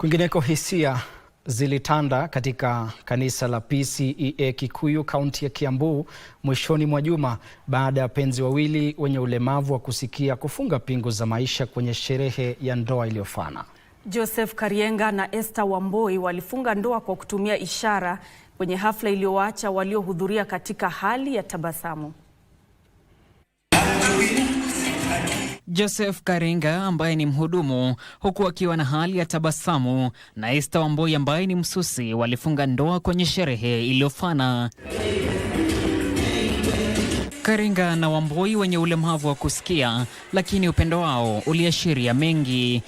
Kwingineko, hisia zilitanda katika kanisa la PCEA Kikuyu kaunti ya Kiambu mwishoni mwa juma baada ya wapenzi wawili wenye ulemavu wa kusikia kufunga pingu za maisha kwenye sherehe ya ndoa iliyofana. Joseph Karienga na Esther Wamboi walifunga ndoa kwa kutumia ishara kwenye hafla iliyowaacha waliohudhuria katika hali ya tabasamu. Joseph Karinga ambaye ni mhudumu huku akiwa na hali ya tabasamu na Esther Wamboi ambaye ni msusi walifunga ndoa kwenye sherehe iliyofana. Karinga na Wamboi wenye ulemavu wa kusikia, lakini upendo wao uliashiria mengi.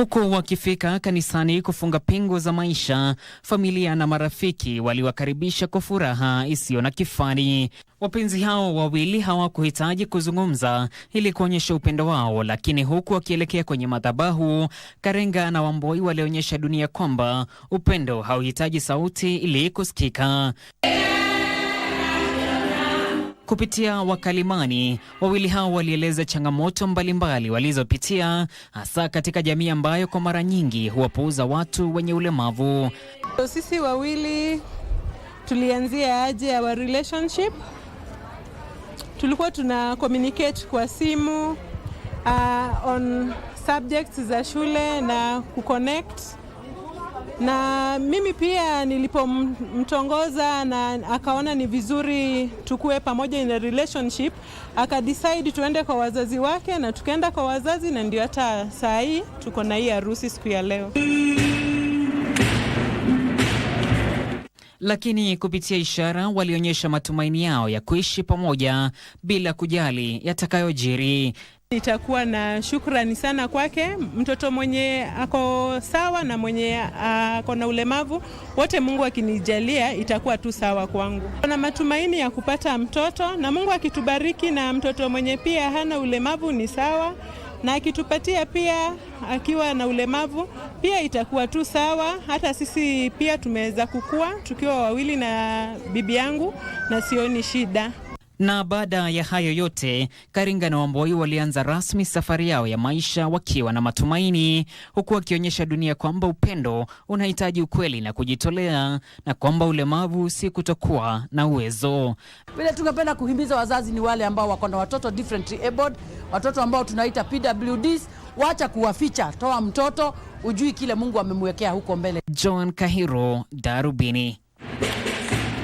huku wakifika kanisani kufunga pingu za maisha. Familia na marafiki waliwakaribisha kwa furaha isiyo na kifani. Wapenzi hao wawili hawakuhitaji kuzungumza ili kuonyesha upendo wao, lakini huku wakielekea kwenye madhabahu, Karenga na Wamboi walionyesha dunia kwamba upendo hauhitaji sauti ili kusikika. Kupitia wakalimani, wawili hao walieleza changamoto mbalimbali walizopitia hasa katika jamii ambayo kwa mara nyingi huwapuuza watu wenye ulemavu. So, sisi wawili tulianzia aje ya relationship, tulikuwa tuna communicate kwa simu uh, on subjects za shule na kuconnect na mimi pia nilipomtongoza na akaona ni vizuri tukue pamoja in a relationship, akadecide tuende kwa wazazi wake na tukaenda kwa wazazi, na ndio hata saa hii tuko na hii harusi siku ya leo. Lakini kupitia ishara walionyesha matumaini yao ya kuishi pamoja bila kujali yatakayojiri. Nitakuwa na shukrani sana kwake, mtoto mwenye ako sawa na mwenye ah, ako na ulemavu wote, Mungu akinijalia itakuwa tu sawa kwangu. Na matumaini ya kupata mtoto, na Mungu akitubariki na mtoto mwenye pia hana ulemavu ni sawa, na akitupatia pia akiwa na ulemavu pia itakuwa tu sawa. Hata sisi pia tumeweza kukua tukiwa wawili na bibi yangu, na sioni shida. Na baada ya hayo yote, Karinga na Wamboi walianza rasmi safari yao ya maisha wakiwa na matumaini, huku wakionyesha dunia kwamba upendo unahitaji ukweli na kujitolea, na kwamba ulemavu si kutokuwa na uwezo. Vile tungependa kuhimiza wazazi ni wale ambao wako na watoto differently abled, watoto ambao tunaita PWDs, wacha kuwaficha, toa mtoto, ujui kile Mungu amemwekea huko mbele. John Kahiro, Darubini.